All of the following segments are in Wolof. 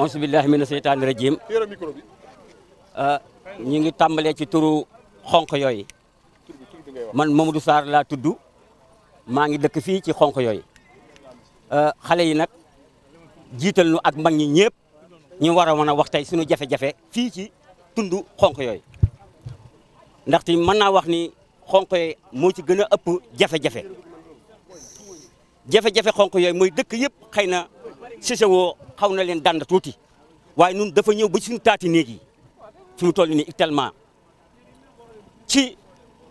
auzu billahi mina seytaani rajim ah, ñi ngi tàmbalee ci turu xonq yooyu man Mamadou Sarr laa tudd maa ngi dëkk fii ci xonq yooyu ah, xale yi nag jiital nu ak mag ñi ñëpp ñu war a mën a wax tey suñu jafe-jafe fii ci tund xonq yooyu ndaxte mën naa wax ni xonq yooyu moo ci gën a ëpp jafe-jafe jafe-jafe yooyu mooy dëkk yëpp xëy na xaw na leen dànd tuuti waaye nun dafa ñëw ba suñu taati néeg yi fi mu toll nii tellement ci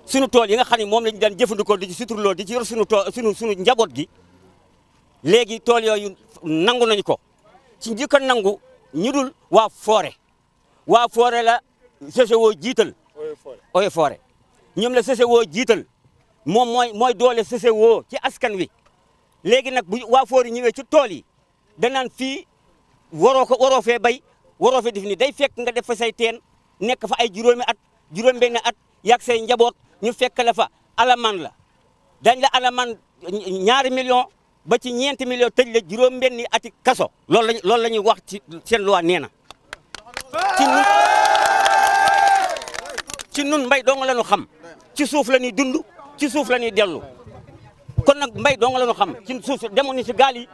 sunu tool yi nga xam ne moom lañu daan jëfandikoo di ci suturloo di ci yor suñu tool suñu suñu njaboot gi léegi tool yooyu nangu nañu ko ci njëkk a nangu ñu dul waa foore waa foore la CCO jiital Eaux Forêts ñoom la CCO jiital moom mooy mooy doole CCO ci askan wi léegi nag bu waa foore ñëwee ci tool yi fii waroo ko waroo fee bay waroo fee def ni day fekk nga def fa say teen nekk fa ay juróomi at juróom benn at yàgg njaboot ñu fekk la fa alamaan la dañ la alamaan ñaari million ba ci ñeenti million tëj la juróom benni ati kaso loolu lañ loolu la ñuy wax ci seen loi nee na ci nun ci nun mbay dong la ñu xam ci suuf la ñuy dund ci suuf la ñuy dellu kon nag mbay dong la ñu xam ci suuf demoon ni si gaal yi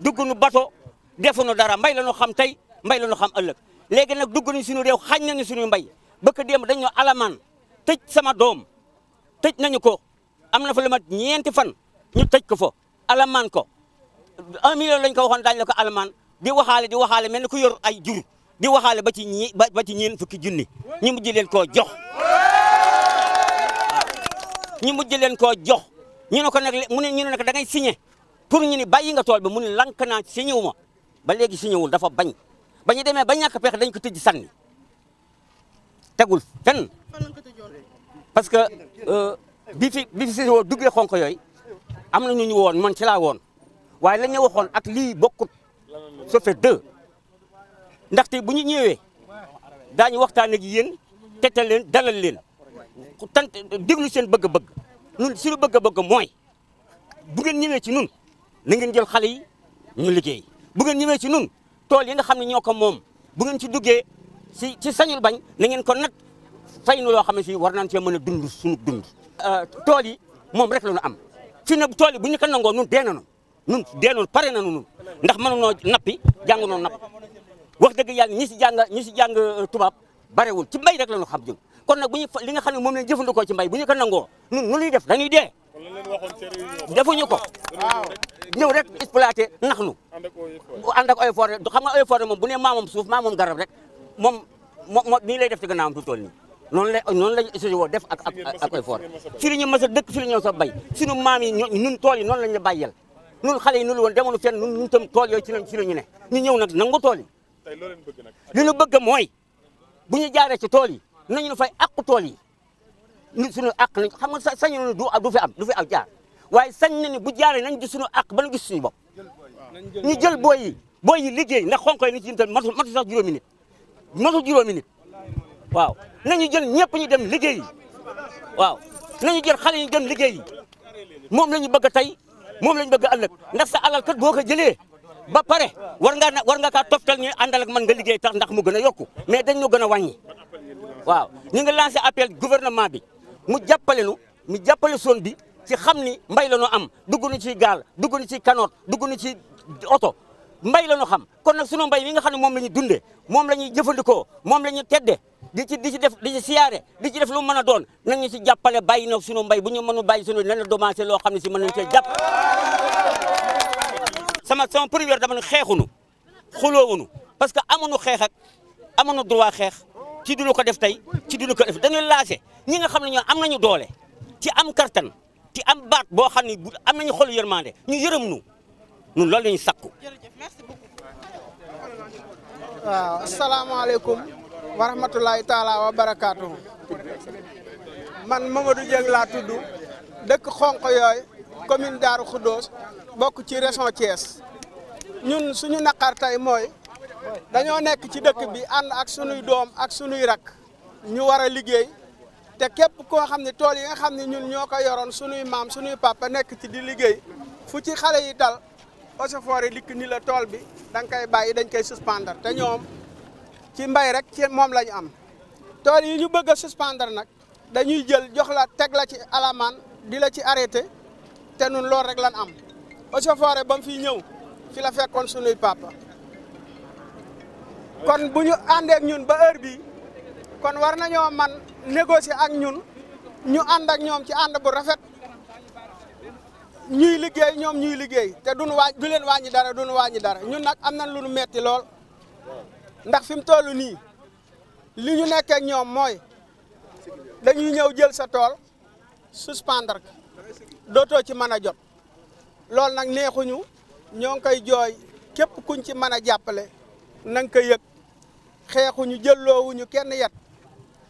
dugg bato defu defuñu dara mbay la ñu xam tey mbay la ñu xam ëllëg léegi nag dugg nu suñu réew xañ nañu suñu mbay bëkk démb daño ñoo alamaan tëj sama doom tëj nañu ko am na fa lu mat ñeenti fan ñu tëj ko fa alamaan ko un million lañ ko waxoon daañu la ko alamaan di waxaale di waxaale me ni ku yor ay jur di waxaale ba ci ñi ba ci ñeen fukki junni ñu mujj leen koo jox ñu mujj leen koo jox ñu ne ko nag mu ne ñu ne nag da ngay signé pour ñu ni bàyyi nga tool bi mu ne lank naa signé wu ma ba léegi si ñëwul dafa bañ ba ñu demee ba ñàkk pexe dañ ko tëj sànni tegul fenn parce que euh, bi bi fi si woo duggee xonk yooyu am na ñu ñu woon man ci laa woon waaye lañu ñu waxoon ak lii bokkut ça fait deux bu ñu ñëwee daañu waxtaan ak yéen tetal leen dalal leen tant déglu seen bëgg-bëgg ñun suñu bëgg-bëgg mooy bu ngeen ñëwee ci ñun na ngeen jël xale yi ñu liggéey. bu ngeen ñëwee ci nun tool yi nga xam ne ñoo ko moom bu ngeen ci duggee si ci sañul bañ na ngeen ko nag fay nu loo xam ne si war naan cee mën a dund suñu dund euh, tool yi moom rek la ñu am fi na tool yi bu ñu ko nangoo nun dee nañu nun dee nañu pare nañu nun ndax mënunoo nappi jàng noo napp wax dëgg yàlla ñi si jàng ñi si jàng euh, tubaab barewul ci mbay rek la ñu xam jëm kon nag bu ñu li nga xam ne moom lañ jëfandikoo ci mbay bu ñu ko nangoo nun nu luy def dañuy dee defuñu ko ñëw rek exploité nax nu ànd ak eaux et forêt xam moom bu ne maa moom suuf maa moom garab rek moom moo moo nii lay def ci gannaawam fi toll nii noonu la noonu lañ suñu woo def ak ak eaux et forêt si li ñu mës a bay suñu maam yi ñun tool yi noonu lañ la bàyyeel ñun xale yi nulu woon demoonu fenn ñun ñun tam tool yooyu ci lañ ci nangu tool yi li ñu bëgg mooy bu ñu jaaree ci tool yi nañu fay àqu tool yi ñun suñu àq nañ xam nga du du fi am jaar waaye sañ na ni bu jaaree nañ gis suñu ba ñu gis suñu bopp ñu jël booy yi booy yi liggéey ndax xonk yi ni ci tam matul matul sax juróomi nit matul juróomi nit waaw nañu jël ñëpp ñu dem liggéey waaw nañu jël xale yi dem liggéey yi moom la ñu bëgg tey moom la ñu bëgg ëllëg ndax sa alal kat boo ko jëlee ba pare war ngaa na war nga kaa toftal ñu àndal ak man nga liggéey tax ndax mu gën a yokku mais dañ ñu gën a wàññi waaw ñu ngi lancé appel gouvernement bi mu jàppale nu mu jàppale zone bi ci xam ni mbay la am duggu nu ci gaal dugg nu ci kanoot dugg nu ci oto mbay la ñu xam kon nag sunu mbay mi nga xam ne moom la ñu dundee moom la ñuy jëfandikoo moom la ñuy di ci di ci def di ci siyaare di ci def lu mën a doon nañu si jàppale bàyyi na sunu mbay bu ñu mënu bàyyi sunu lan la domancé loo xam ne si mën nañu see jàpp sama sama première dama ne xuloo xuloowunu parce que amuñu xeex ak amuñu droit xeex ci duno ko def tey ci duñu ko def dañuy laase ñi nga xam ne ñoo am nañu doole ci am kartan ti am baat boo xam ne am nañu xolu yërmande ñu yërëm ñun loolu la ñu sakku. waaw asalaamaaleykum wa rahmatulahi taala wa barakaatu. man Mamadou Dieng laa tudd dëkk xonq yooy commune Darou Khoudoss bokk ci région Thiès ñun suñu naqar mooy dañoo nekk ci dëkk bi ànd ak sunuy doom ak sunuy rak ñu war a liggéey te képp koo xam ne tool yi nga xam ne ñun ñoo ko yoroon sunuy maam sunuy papa nekk ci di liggéey fu ci xale yi dal. eaux et dikk ni la tool bi dan nga koy bàyyi dañ koy suspendre te ñoom ci mbay rek ci moom la am tool yi ñu bëgg a nag dañuy jël jox la teg la ci alamaan di la ci arrêté te nun loolu rek lan am eaux et forêts ba mu fiy ñëw fi la fekkoon sunuy papa kon bu ñu àndee ñun ba heure bi kon war nañoo man négocier ak ñun ñu ànd ak ñoom ci ànd bu rafet ñuy liggéey ñoom ñuy liggéey te duñu waa du leen wàññi dara duñu wàññi dara ñun nag am nañ lu nu metti lool ndax fi mu toll nii li ñu nekkee ñoom mooy dañuy ñëw jël sa tool suspendre dootoo ci mën a jot loolu nag neexuñu ñoo ngi koy jooy képp kuñ ci mën a jàppale na nga ko yëg xeexuñu jëlloowuñu kenn yet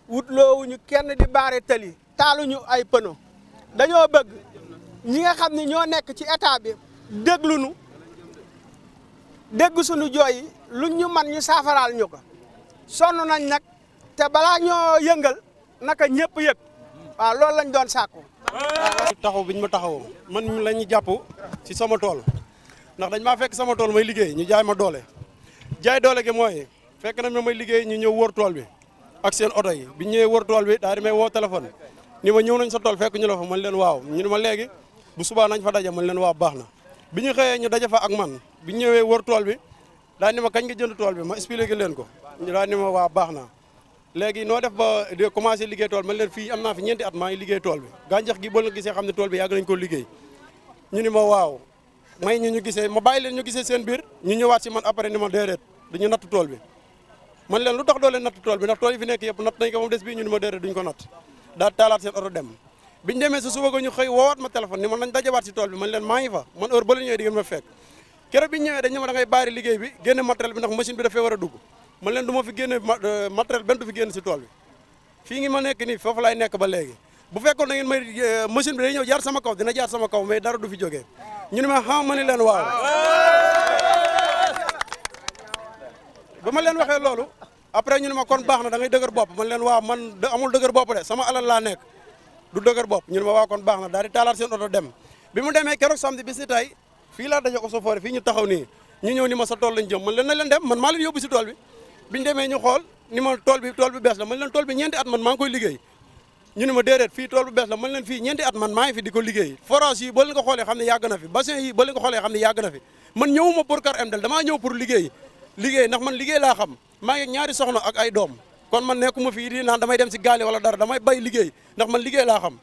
wutloowuñu kenn di baare tali taaluñu ay pëno dañoo bëgg ñi nga xam ne ñoo nekk ci état bi déglu nu dégg sunu jooy yi luñ ñu man ñu saafaraal ñu ko sonn nañ nag te balaa ñoo yëngal naka ñëpp yëg waaw lool lañ doon sàkku. taxaw bi ñu ma taxawoo man mi la ñu jàpp ci sama tool ndax dañ maa fekk sama tool may liggéey ñu jaay ma doole jaay doole gi mooy fekk na ma may liggéey ñu ñëw wër tool bi ak seen oto yi bi ñëwee wër tool bi daal di may woo téléphone ni ma ñëw nañ sa tool fekk ñu la fa man leen waaw ñu nu ma léegi. bu subaa nañ fa daje man leen waa baax na bi ñu xëyee ñu daje fa ak man bi ñëwee wër tool bi daa ni ma kañ nga jënd tool bi ma expliqué leen ko daa ni ma waa baax na léegi noo def ba de commencé liggéey tool man leen fii am naa fi ñeenti at maa ngi liggéey tool bi gàncax gi boo leen gisee ko liggéey ñu ni ma waaw may ñu ñu gisee ma bàyyi leen ñu gisee seen biir ñu ñëwaat si man après ni ma déedéet dañu natt tool bi man leen lu tax doo natt tool bi ndax tool yi fi nekk yëpp natt nañ ko moom des bii ñu ni ma déedéet duñ ko natt daa taalaat seen oto dem biñ demee sa suba ko ñu xëy woowaat ma téléphone ni man nañ si tool bi man leen maa fa man heure ba la ñëwee di ngeen ma fekk keroog biñ ñëwee dañ ne ma da ngay bàyyi liggéey bi génne matériel bi ndax machine bi dafay war a dugg man leen du ma fi génne euh, matériel benn du fi génn si tool bi fii ngi ma nekk nii foofu laay nekk ba léegi bu fekkoon da ngeen may euh, machine bi day ñëw jaar sama kaw dina jaar sama kaw mais dara du fi jógee ñu ne ma xam ah, ma ni leen waaw ba ma leen waxee loolu après ñu ne ma kon baax na da dëgër bopp man leen waaw man amul dëgër bopp sama alal laa nekk du dëgër bopp ñu ne ma waa kon baax na daal di taalaat seen oto dem bi mu demee keroog samedi bis fii laa daje Oussefourie fii ñu taxaw nii ñu ñëw ni ma sa tool lañ jëm man leen na leen dem man maa leen yóbbu si tool bi biñu demee ñu xool ni ma tool bi tool bi bees la man leen tool bi ñeenti at man maa ngi koy liggéey ñu ne ma déedéet fii tool bu la man leen fii ñeenti at man maa fi di ko liggéey forage yi ba leen ko xoolee xam ne yàgg fi bassin yi ba leen ko xoolee xam ne yàgg na fi man ñëwuma pour kar am liggéey liggéey ndax man liggéey xam maa ngi ñaari soxna ak ay kon man nekkuma fii di naan damay dem si gaali wala dara damay bay liggéey ndax man liggéey laa xam.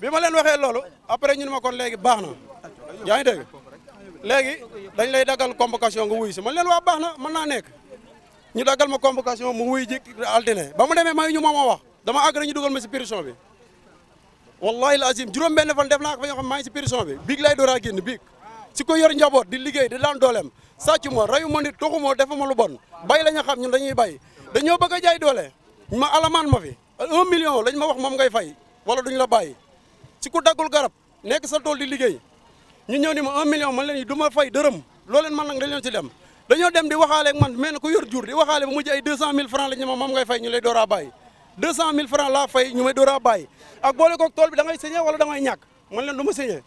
bi ma leen waxee loolu après ñun ma kon léegi baax na yaa ngi dégg léegi dañ lay daggal convocation nga wuy si man leen waa baax na mën naa nekk ñu daggal ma convocation mu wuy ji altine ba mu demee may ñu moom moo wax dama àgg rek ñu ma si prison bi wallahi lazim juróom benn fan def naa ko fa bi biig lay door a génn biig si ko yor njaboot di liggéey di laan dooleem sàcc ma rayu ma nit toxu lu bon bay la ñu xam ñun dañuy bay dañoo bëgg jaay doole ma alamaan ma fi un million lañ ma wax moom ngay fay wala duñ la bàyyi si ku daggul garab nekk sa tool di liggéey ñu ñëw ni ma un million man leen du ma fay dërëm loo leen man nag dañ leen si dem dañoo dem di waxaale man mel na ku jur di waxaale ba mujj ay deux cent mille francs lañ ma moom ngay fay a bàyyi deux cent mille francs laa fay ñu may a bàyyi ak boole koog tool bi da ngay signé wala da ngay leen ma signé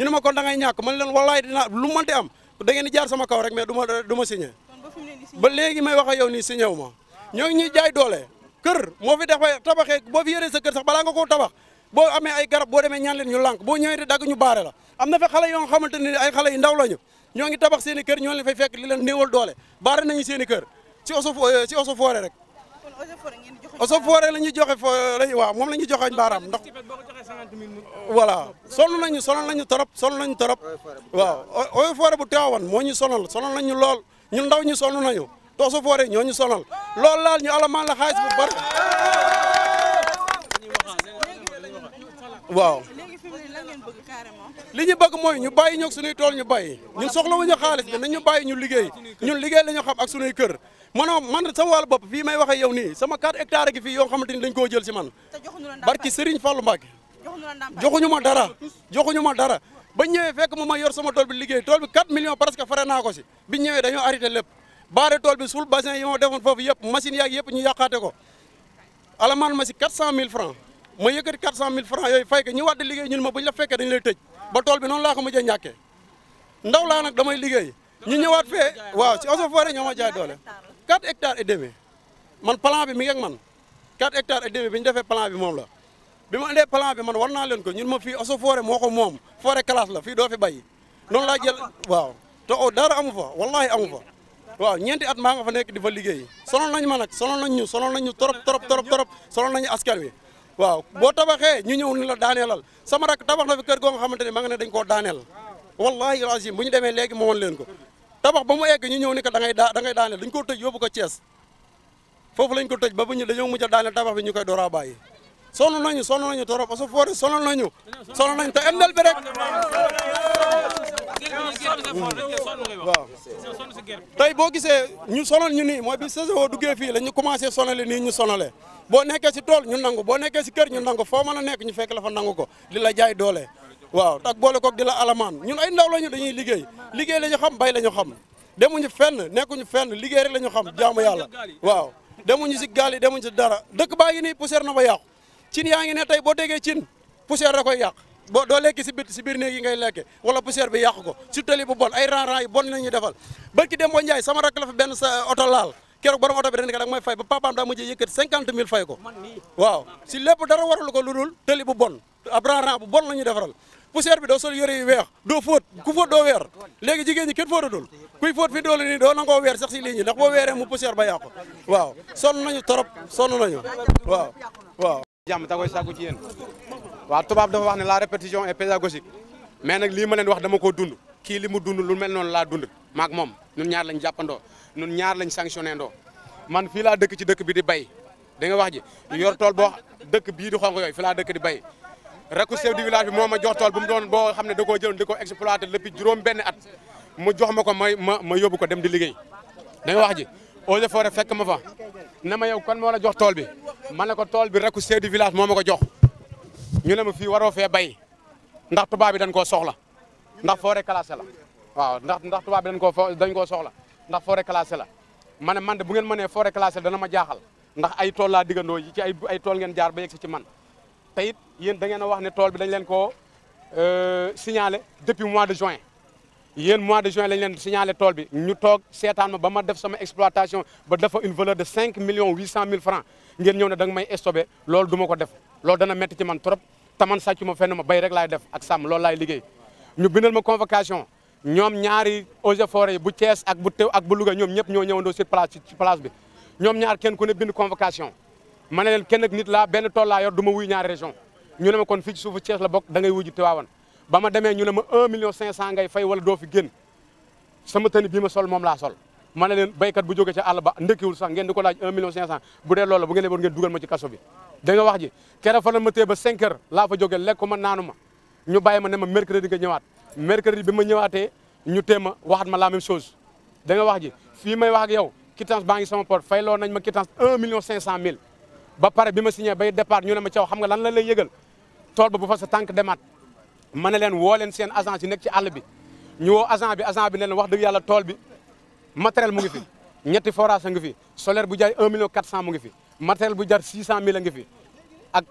ñun ne ma kon da ngay ñàkk man leen wallaay dinaa lu mënti am da ngeen di jaar sama kaw rek mais du ma du ma ba léegi may wax ak yow nii signé wu ma ñoo ngi ñuy jaay doole kër moo fi dafa tabaxee boo fi yëree sa kër sax balaa nga koo tabax boo amee ay garab boo demee ñan leen ñu lànk boo ñëwee di dagg ñu baare la am na fa xale yoo xamante ne ay xale yu ndaw la lañu ñoo ngi tabax seeni kër ñoo leen fay fekk li leen néewal doole baare nañu seeni i kër si oso si oso foore rek eaux et forêt la ñuy joxe fo waaw moom la ñuy joxeñ baaraam ndax voilà sonal nañu sonal nañu torop sonal nañu torop waaw eaux et forêt bu teewoon moo ñu sonal sonal nañu lool ñun ndaw ñu sonal nañu te eaux et forêt ñoo ñu sonal loolu laal ñu alamaan la xaalis bu bari waaw li ñu bëgg mooy ñu bàyyi ñoog suñuy tool ñu bàyyi ñun soxlawuñu xaalis bi nañu bàyyi ñu liggéey ñun liggéey la ñu xam ak suñuy kër manoo man sama wàllu bopp fii may wax ak yow nii sama 4 hectares gi fii yoo xamante ni dañ koo si man barki Serigne Fallou Mbacke joxuñu ma dara joxuñu ma dara ba ñëwee fekk ma ma yor sama tool liggéey tool bi 4 millions presque fare naa ko si bi ñëwee dañoo arrêté lépp baare tool bi suul bassin yi ma defoon foofu yëpp machine yaag yëpp ñu yàqaate ko alamaan ma si 400 000 francs ma liggéey ñun ma buñ la fekkee dañ lay tëj ba tool bi noonu laa ko mujjee ñàkkee ndaw laa fee 4 hectares et demi man plan bi mi ngi man 4 hectares et demi bi ñu defee plan bi moom la bi ma indee plan bi man war naa leen ko ñun ma fii oso forêt moo ko moom forêt classe la fii doo fi bay noonu laa jël waaw te o dara amu fa wallahi amu fa waaw ñeenti at maa nga fa nekk di fa liggéey sonal nañ ma nag sonal nañ ñu sonal nañ ñu trop trop trop trop sonal nañu wi waaw boo tabaxee ñu ñëw ni la daaneelal sama rak tabax na fi kër goo nga xamante ne ma nga ne dañ koo daaneel wallahi lazim ñu demee léegi mo leen ko tabax ba mu egg ñu ñëw ni ko da ngay daa da ngay daaneel dañ koo tëj yóbbu ko ko tëj ba bu ñu dañoo mujj a daaneel tabax bi ñu koy door a bàyyi sonn nañu sonn nañu trop parce que forêt sonn nañu sonn nañu te MDL bi rek waaw tey boo gisee ñu sonal ñu nii mooy bi saison duggee fii la ñu commencé sonale nii ñu sonale boo nekkee si tool ñu boo nekkee si kër ñu nangu foo mën nekk ñu fekk la fa ko li la jaay doole waaw tak boole koog di la alamaan ñun ay ndaw lañu dañuy liggéey liggéey la ñu xam bay la ñu xam demuñu fenn nekkuñu fenn liggéey rek la ñu xam jaamu yàlla waaw demuñu si gaal yi demuñu si dara dëkk baa ngi nii poussière na ba yàqu cin yaa ngi ne tey boo déggee cin poussière da koy yàq boo doo lekk si bit si biir néeg yi ngay lekke wala poussière bi yàqu ko su tali bu bon ay ran ran yi bon la ñuy defal barki dem boo njaay sama benn oto laal keroog borom oto bi ba papaam daa mujjee yëkkati fay ko waaw si lépp dara waralu ko lu dul tali bu bon ab ran ran bu bon la ñuy defaral poussière bi doo sol yore yu weex doo fóot ku fóot doo weer léegi jigéen ñi kenn fóotatul kuy fóot fi doole nii doo nangoo weer sax si lii ñi ndax boo weeree mu poussière ba yàqu waaw sonn nañu trop sonn nañu waaw waaw jàmm ta koy sàkku ci yéen waaw tubaab dafa wax ne la répétition est pédagogique mais nag lii ma leen wax dama koo dund kii li mu dund lu mel noonu laa dund maak moom ñun ñaar lañ jàppandoo ñun ñaar lañ sanctionné ndoo man fii laa dëkk ci dëkk bi di bay da nga wax ji yor tool boo dëkk bii di xonk yooyu fi laa dëkk di bay rakku chef du village bi moo ma jox tool bu mu doon boo xam ne da koo jëloon di ko exploité depuis juróom benn at mu jox ma ko may ma ma yóbbu ko dem di liggéey da nga wax ji eaux et forêts fekk ma fa na ma yow kon moo la jox tool bi ma ne ko tool bi rakku chef du village ma ko jox ñu ne ma fii waroo fee bay ndax tubaab bi dañ koo soxla ndax forêt classée la waaw ndax ndax tubaab bi dañ koo dañ koo soxla ndax forêt classée la ma ne man de bu ngeen mënee forêt classée dana ma jaaxal ndax ay tool laa diggandoo yi ci ay ay tool ngeen jaar ba ci man te it yéen da ngeen a wax ne tool bi dañ leen koo euh, signalé depuis mois de juin yéen mois de juin lañ leen signalé tool bi ñu toog seetaan ma ba def sama exploitation ba dafa une valeur de cinq million huit cent mille francs ngeen ñëw ne da nga may stoppé loolu du ko def lool dana métti ci trop te man sàccu ma fenn ma béy rek laay def ak sàmm loolu laay liggéey ñu bindal ma convocation ñoom ñaari eaux et bu Thiès ak bu Tew ak bu Louga ñoom ñëpp ñoo ñëwandoo si place ci place bi ñoom ñaar kenn ku ne bind convocation ma ne kenn nit laa benn tool laa yor du ma wuy ñaari région ñu ne ma kon fii suufu Thiès la bokk da ngay wuju Tiwaawan ba ma demee ñu ne ma 1 million 500 ngay fay wala doo fi génn sama tëni bii ma sol moom laa sol ma ne leen béykat bu jóge ca àll ba ndëkkiwul sax ngeen di ko laaj 1 million 500 bu dee loolu bu ngeen leboon ngeen dugal ma ci kaso bi da nga wax ji keroog fa la ma téye ba laa fa jóge lekk ma naanu ma ñu bàyyi ma ne ma mercredi nga ñëwaat mercredi bi ma ñëwaatee ñu téye wax ji fii may wax ak yow quittance baa ngi sama porte fay loo nañ mille ba pare bi ma signé bay départ ñu ne ma caw xam nga lan la lay yëgal tool ba bu fa sa tànk ma ne leen woo leen seen agence yi nekk ci àll bi ñu woo agent bi agent bi ne leen wax dëgg yàlla tool bi matériel mu ngi fi ñetti forage a ngi fi solaire bu jaay 1 million 400 mu ngi fi matériel bu jar 600 mille a ngi fi ak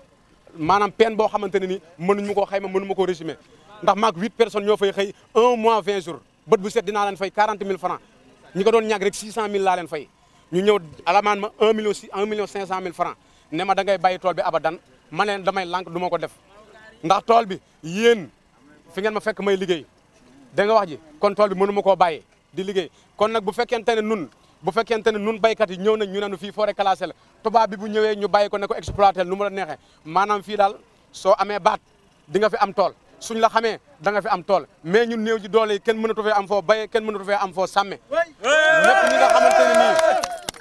maanaam peine boo xamante ne ni mënuñu koo xayma mënu ma koo ndax maak huit personnes ñoo fay xëy un mois 20 jours ko doon ñàkk rek 600 mille laa leen fay ñu ñëw alamaan ma ne ma da ngay bàyyi tool bi abadan ma ne damay lànk du ma ko def ndax tool bi yéen fi ngeen ma fekk may liggéey da nga wax ji kon tool bi mënuma ma koo bàyyi di liggéey kon nag bu fekkente ne nun bu fekkente ne nun béykat yi ñëw nañ ñu ne nu fii forêt classée la tubaab bi bu ñëwee ñu bàyyi ko ne ko exploité nu mu la neexee maanaam fii daal soo amee baat di nga fi am tool suñ la xamee da nga fi am tool mais ñun néew ji doole yi kenn mënatu fee am foo béyee kenn mënatu fee am foo sàmme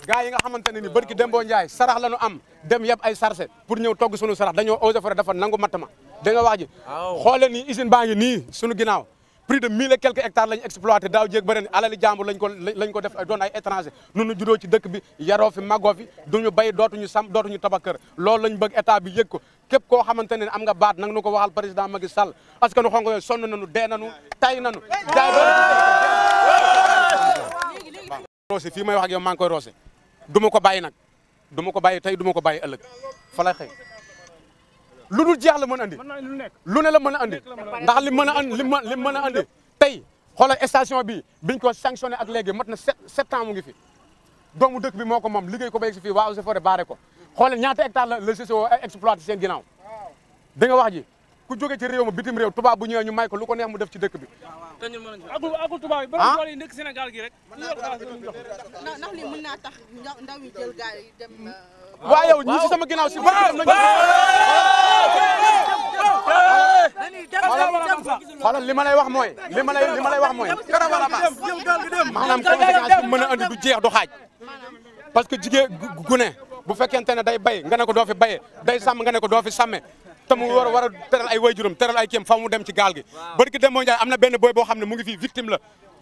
gars yi nga xamante ne ni barki Dembo Ndiaye sarax la ñu am dem yëpp ay sarse pour ñëw togg sunu sarax dañoo eaux et forêt nangu matt ma a wax ji xoolee ni usine baa ngi nii suñu ginnaaw plus de mille et quelques hectares lañu exploité daaw jéeg bëri ni alali jàmbur lañ ko lañ ko def doon ay étranger nunu juddoo ci dëkk bi yaroo fi màggoo fi duñu béy dootuñu sam dootuñu tabax kër loolu lañ bëgg état bi yëg ko képp koo xamante ne am nga baat nang nu ko waxal président Macky Sall parce que nu xongo yooyu sonn nañu dee nañu tay nañu roose fii may wax ak yow maa ngi koy du ko bàyyi nag duma ko bàyyi tey duma ko bàyyi ëllëg fa lay xëy lu dul jeex la man a andi lu ne la mën a andi ndax li mën a andi li li mën a andi tey xoolal station bi biñ ko sanctionné ak léegi mat na sept sept ans mu ngi fi doomu dëkk bi moo ko moom liggéey ko ba yegg si fii waa Eaux et baare ko xoolal ñaata hectare la la GCO exploité seen ginnaaw da wax ji ku jóge ci réew ma bitim réew tubaab bu ñëwee ñu may ko lu ko neex mu def ci dëkk bi. ak ak tubaab yi borom tool yi gi rek. naa tax ndaw yi jël gaal yi dem. waa yow ñu si sama ginnaaw si barke li ma lay wax mooy. li ma lay wax mooy. maanaam conséquence bi mën a andi du jeex du xaaj. parce que jigéen gu bu fekkente ne day bay nga ne ko doo fi bayee day sàmm nga ne ko doo fi sàmmee te mu war a war a teral ay waajuram teral mu dem ci gaal gi bërki dem moo njaay am na benn boy boo xam ne mu ngi fii victime la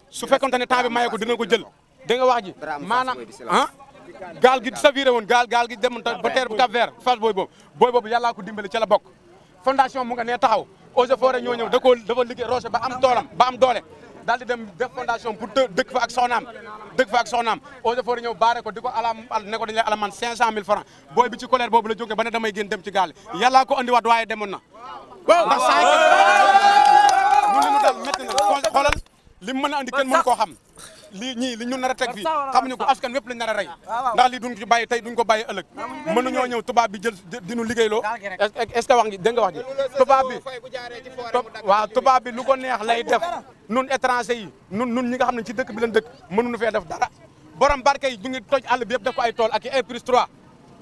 su fekkonte ne temps bi maye ko dina ko jël da nga wax ji maanaam ah gaal gi saviré woon gaal gaal gi demoon ba teer bu Cap Vert Fass booy boobu booy boobu yàllaa ko dimbali ci la bok fondation mu nga nee taxaw eaux et forêts ñëw da koo dafa liggéey roose ba am toolam ba am doole daal dem def fondation pour dëkk fa ak soxnaam dëkk fa ak soxnaam eaux et forêts ñëw baare ko di ko alam ne ko dañu lay alamaan cinq cent mille francs booy bi ci colère boobu la jógee ba ne damay génn dem ci gaal yàllaa ko andiwaat waaye demoon ndax saa ñun li mu dal métti na mën a andi kenn mënu koo xam lii ñii li ñu nar a teg fii xamuñu ko askan wépp lañ nar a rey ah, ndax li duñ ko bàyyi tey duñ ko bàyyi ëllëg mënuñoo ñëw tubaab bi jël dinu liggéeyloo est-ce que wax ngi dégg nga wax ji tubaab bi waaw tubaab lu ko neex lay def nun étranger yi nun nun ñi nga xam ne ci dëkk bi lañ dëkk mënuñu fee def dara borom barke yi ñu ngi toj àll bi yëpp def ko ay tool ak i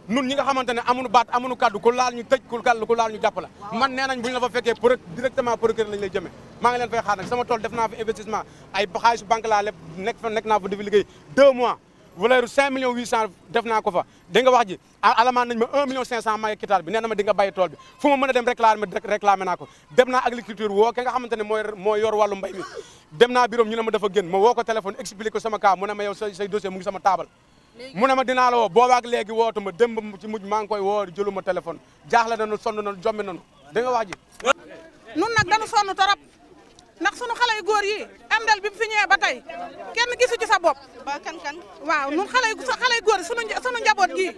nun ñi nga xamante ne amuñu baat amuñu kaddu ku laal ñu tëj ku laal ñu jàpp man nee nañ bu la fa fekkee directement procureur lañ lay jëmee maa ngi leen xaar nag sama tool def naa fi investissement ay xaalisu banque laa lépp nekk naa fa di liggéey deux mois valeur 5 millions 800 def naa ko fa da nga wax ji alamaan nañ ma 1 million 500 maay hectare bi nee na ma di nga bàyyi bi fu ma mën a dem réclamer naa ko dem naa agriculture woo ki moo yor wàllu mbay mi dem naa biroom mu ne ma dinaa la woo boobaak léegi wootu ma démb mu mujj maa ngi koy woo jëluma téléphone jaaxle nañu sonn nañu jommi nañu da nga wax ji nun nag dañu sonn torop ndax sunu xale yu góor yi MDL bi mu fi ba tey kenn gisu ci sa bopp ba kan kan waaw nun xale yu xale yu góor yi sunu sunu njaboot gii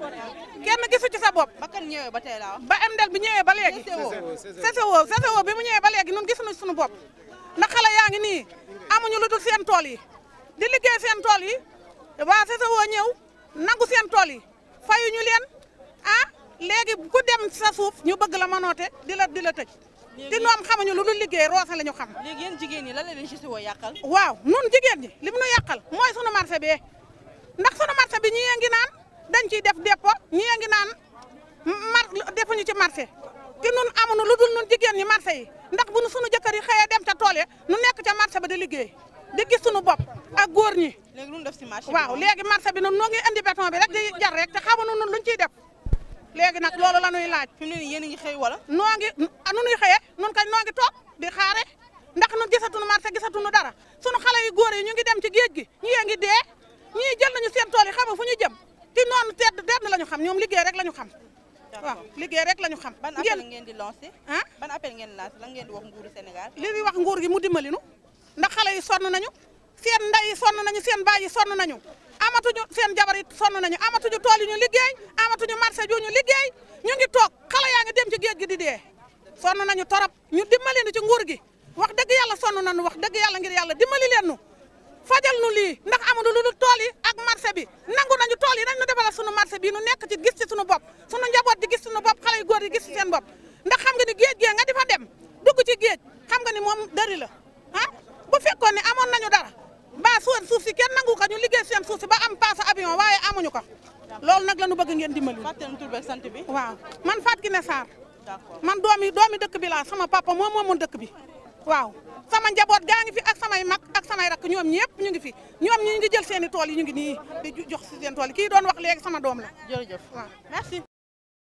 kenn gisu ci sa bopp ba kan ñëwee ba tey la ba bi ñëwee ba léegi CCO CCO bi mu ñëwee ba léegi nun gisuñu sunu bopp ndax xale yaa ngi nii amuñu lu dul seen tool yi di liggéey seen tool yi waa CCO ñëw nangu seen tool yi fayuñu leen a ah bu ku dem sa suuf ñu bëgg la mënoote di la di la tëj. di ñoom xamuñu lu dul liggéey roose la ñu xam. léegi jigéen ñi lan la leen si woo yàqal. waaw nun jigéen ñi li mu nu yàqal mooy sunu marché bi ndax sunu marché bi ñii ngi naan dañ ciy def dépôt ñii ngi naan mar defuñu ci marché te nun amuñu lu dul nun jigéen ñi marché yi ndax bu nu sunu jëkkër yi xëyee dem ca tool ya nu nekk ca marché ba di liggéey. di gis suñu bopp ak góor ñi. léegi lu def si marché bi waaw léegi marché bi noonu noo ngi indi béton bi rek di jar rek te xamuñu nun luñ ciy def léegi nag loolu la ñuy laaj. fi mu ne nii yéen a ngi xëy wala. noo ngi ah nu ñuy xëyee nun kañ noo ngi toog di xaare ndax nun gisatuñu marché gisatuñu dara sunu xale yu góor yi ñu ngi dem ci géej gi ñi ngi dee ñii jël nañu seen tool yi xam fu ñu jëm ci noonu tedd tedd la ñu xam ñoom liggéey rek la ñu xam. waaw liggéey rek la ñu xam. ban appel ngeen di lancé. ah ban appel ngeen wax Sénégal. li ñuy nguur gi mu dimbali nu seen baay yi sonn nañu amatuñu seen jabar yi sonn nañu amatuñu tool yi ñu liggéey amatuñu marché yu ñu liggéey ñu ngi toog xale yaa ngi dem ci géej gi di dee sonn nañu torop ñu dimbali nu ci nguur gi wax dëgg yàlla sonn nañu wax dëgg yàlla ngi yàlla dimbali leen nu fajal nu lii ndax amuñu lu dul tool yi ak marché bi nangu nañu tool yi nañ nu defalal sunu marché bi nu nekk ci gis ci sunu bopp sunu njaboot di gis sunu bopp xale yu góor yi gis ci seen bopp ndax xam nga ni géej gee nga di fa dem dugg ci géej xam nga ni mbaa su woon suuf si kenn nangu ko ñu liggéey seen suuf si ba am paasa avion waaye amuñu ko loolu nag la ñu bëgg ngeen dimbali. fàttali waaw man Fatou Kiné Sarr. man doomi doomi dëkk bi laa sama papa moom moomoon dëkk bi waaw. sama njaboot gaa ngi fi ak samay mag ak samay rakk ñoom ñëpp ñu ngi fi ñoom ñu ngi jël seen i tool yi ñu ngi nii di jox si seen tool yi kii doon wax léegi sama doom la. jërëjëf